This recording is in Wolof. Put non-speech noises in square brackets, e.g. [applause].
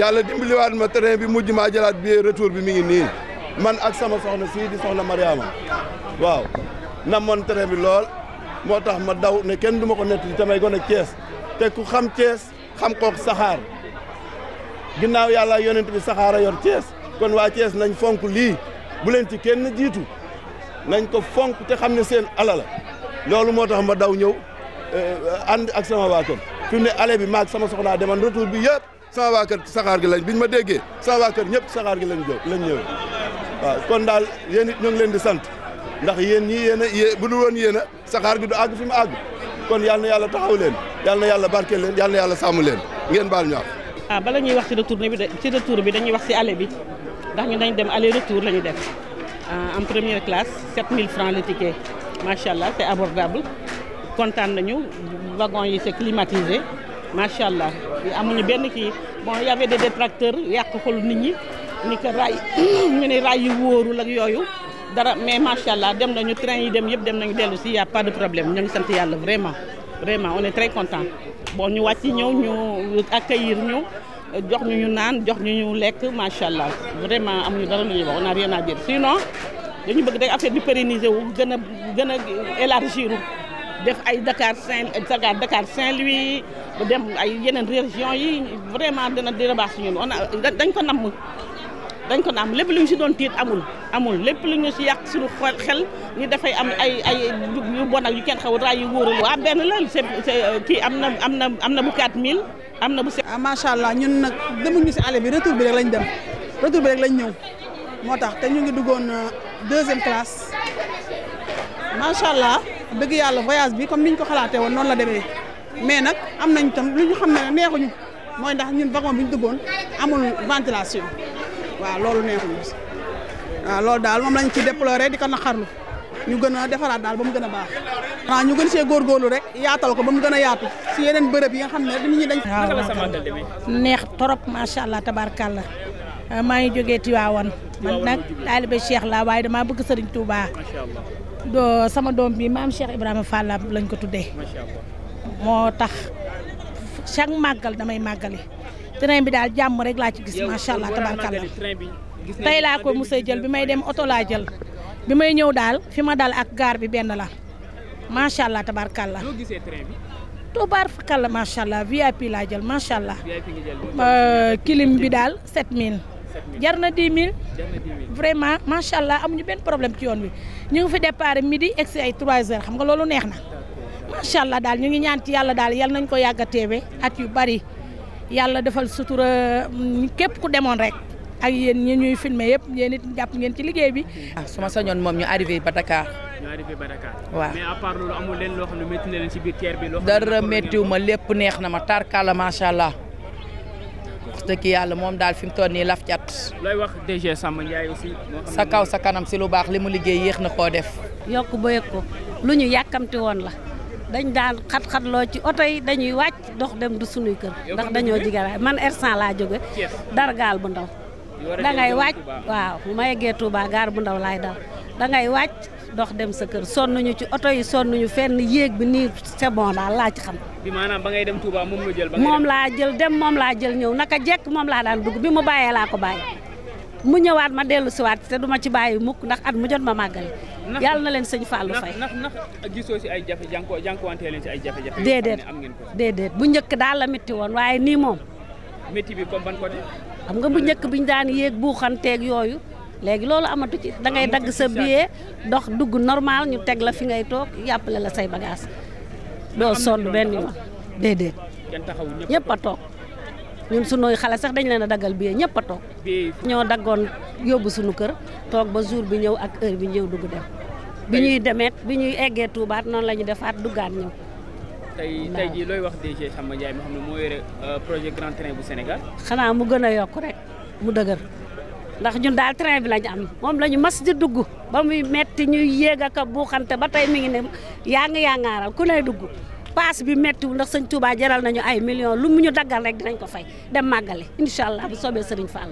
yàlla dimbaliwaat ma terrain bi mujj maa jëlaat billet retour bi mi ngi nii man ak sama soxna sii di soxna Mariama waaw moon terrain bi lool moo tax ma daw ne kenn du ma ko nett di tamay gone Thiès te ku xam Thiès xam kook saxaar ginnaaw yàlla yonent bi saxaar a yor Thiès kon waa Thiès nañ fonk lii bu leen ci kenn jiitu nañ ko fonk te xam ne seen ala loolu moo tax ma daw ñëw eh, ànd ak sama waa kër fi ne ale bi maak sama soxnaa deman retour bi yëpp sama waa kër saxaar gi lañ biñ ma déggee sama waa kër ñëpp saxaar gi lañ jóg lañ ñëwee waaw kon daal yéen it leen di sant ndax yéen ñi yéen a bu dul woon yéen a saxaar gi du àgg fi mu àgg kon yal na yàlla taxaw leen yal na yàlla barkeel leen yal na yàlla sàmm leen ngeen baal ñu ah bala ñuy wax ci retour bi ci retour bi dañuy wax si aller bi ndax ñu dañ dem aller retour la ñu def ah, en première classe 7000 francs le ticket macha allah c'est abordable kontaan nañu wagon yi c'est climatisé macha allah. amuñu benn kii bon y avait des détracteurs yàq xol nit ni que raay [clears throat] ñu ne raay yu wóorul ak yooyu dara mais macha allah dem nañu train yi dem yëpp dem nañu dellu si y a pas de problème ñu ngi sant yàlla vraiment vraiment on est très content bon ñu wàcc ñëw ñu accueillir ñu jox ñu ñu naan jox ñu ñu lekk macha allah vraiment amuñu dara lu ñuy wax on a rien à dire sinon dañu bëgg rek affaire bi pérenniser wu gën a gën a élargir def ay Dakar Saint Dakar Dakar Saint-Louis bu dem ay yeneen région yi vraiment dina dina baax si ñun on dañ ko nam mu dañ ko namm lépp lu ñu si doon tiit amul amul lépp lu ñu si yàq suñu xel ñu dafay am ay ay yu bon ak yu kenn xaw raay yu wóorul waa benn la c'est euh, kii am na am na am na bu 4000 am na bu se ah, macha allah ñun nag demuñu si àll bi retour bi rek lañ dem retour bi rek lañ ñëw moo tax te ñu ngi duggoon euh, deuxième classe macha allah dëgg yàlla voyage bi comme niñ ko xalaatee woon noonu la demee mais nag am nañ tam lu ñu xam ne neexuñu mooy ndax ñun wagon bi ñu duggoon amul ventilation waaw loolu neexuñu waaw loolu daal moom lañ ci déploré di kan a xar naqarlu ñu gën a defaraat daal ba mu gën a baax. waaw ñu gën see góorgóorlu rek yaatal ko ba mu gën a yaatu si yeneen bërëb yi nga xam ne nit ñi dañ. waaw neex torop macha allah tabarkàlla maa ngi jógee Tiwaawan man nag taalibe Cheikh la waaye damaa bëgg Serigne Touba. doo sama doom bi maam Cheikh Ibrahima Fall lañ ko tuddee moo tax chaque màggal damay màggali train bi daal jàmm rek laa ci gis macha allah tabarkalla tey laa ko mos a jël bi may dem oto laa jël bi may ñëw daal fi ma dal ak gaar bi benn la macha allah tabarkalla tubaar macha allah VIP laa jël macha allah euh, kilim bi daal 7000. jar na 10 000 vraiment macha allah amuñu benn problème ci yoon wi ñu ngi fi départ midi egg si ay 3 heures xam nga loolu neex na macha allah daal ñu ngi ñaan ci yàlla daal yal nañ ko yàgg a at yu bari yàlla defal sutura mm, képp ku demoon rek. ak yéen ñi ñuy filmé yëpp yéen it jàpp ngeen ci liggéey bi. ah su ma sañoon moom ñu arriver ba Dakar. waaw mais à part leen loo xam ne leen ci biir terre bi. dara méttiwu ma lépp neex na ma tarkala macha allah. dëgg yàlla moom daal fi mu toll nii sa kaw sa kanam si lu baax li mu liggéey yéex na koo def. yokk ba yëg ko lu ñu yàkkamti woon la dañ daan xat-xatloo ci oto yi dañuy wàcc dox dem du sunuy kër ndax dañoo jigaraay man R100 laa jóge gaal bu ndaw. da ngay wàcc waaw bu ma yeggee Touba gaar bu ndaw laay dal da ngay dox dem sa kër sonn ñu ci oto yi sonn ñu fenn yéeg bi nii c'est bon daal laa ci xam. bi maanaam ba ngay dem Touba moom la jël. ba moom laa jël dem moom laa jël ñëw naka jekk moom laa daan dugg bi mu bàyyee laa ko bàyyi. mu ñëwaat ma dellu siwaat te duma ci bàyyi mukk ndax at mu jot ma màggal yàlla na leen sëñ Fallou Faye ndax ndax gisoo si ay jafe jànko jànkuwantee leen si ay jafe-jafe déedéet déedéet bu njëkk daal la métti woon waaye nii moom métti bi comme ban ko de xam nga bu njëkk bi ñu daan yéeg buuxanteeg yooyu léegi loolu amatu ci da ngay dagg sa billet ndox dugg normal ñu teg la fi ngay toog yàppale la say bagage doo sonn benn yoon déedéet ñëpp a toog ñun sunuy xale sax dañ leen a daggal billet ñëpp a toog ñoo daggoon yóbbu sunu kër toog ba jour bi ñëw ak heure bi ñëw dugg dem bi ñuy demeet bi ñuy eggee tuubaat noonu la ñu defaat duggaat ñëw tey tey jii looy wax DG Samba Ndiaye moo euh, projet grand bu Sénégal xanaa mu gën a yokk rek mu dëgër ndax ñun daal train bi lañ am moom la ñu mas di dugg ba muy metti ñuy yéeg ak a buuxante ba tey mi ngi ne yaa ngi yaa ngaaral ku ne dugg paas bi méttiwul ndax sañ Touba jaral nañu ay million lu mu ñu daggal rek dinañ ko fay dem màggale incha allah bu soobee sëriñ Fall.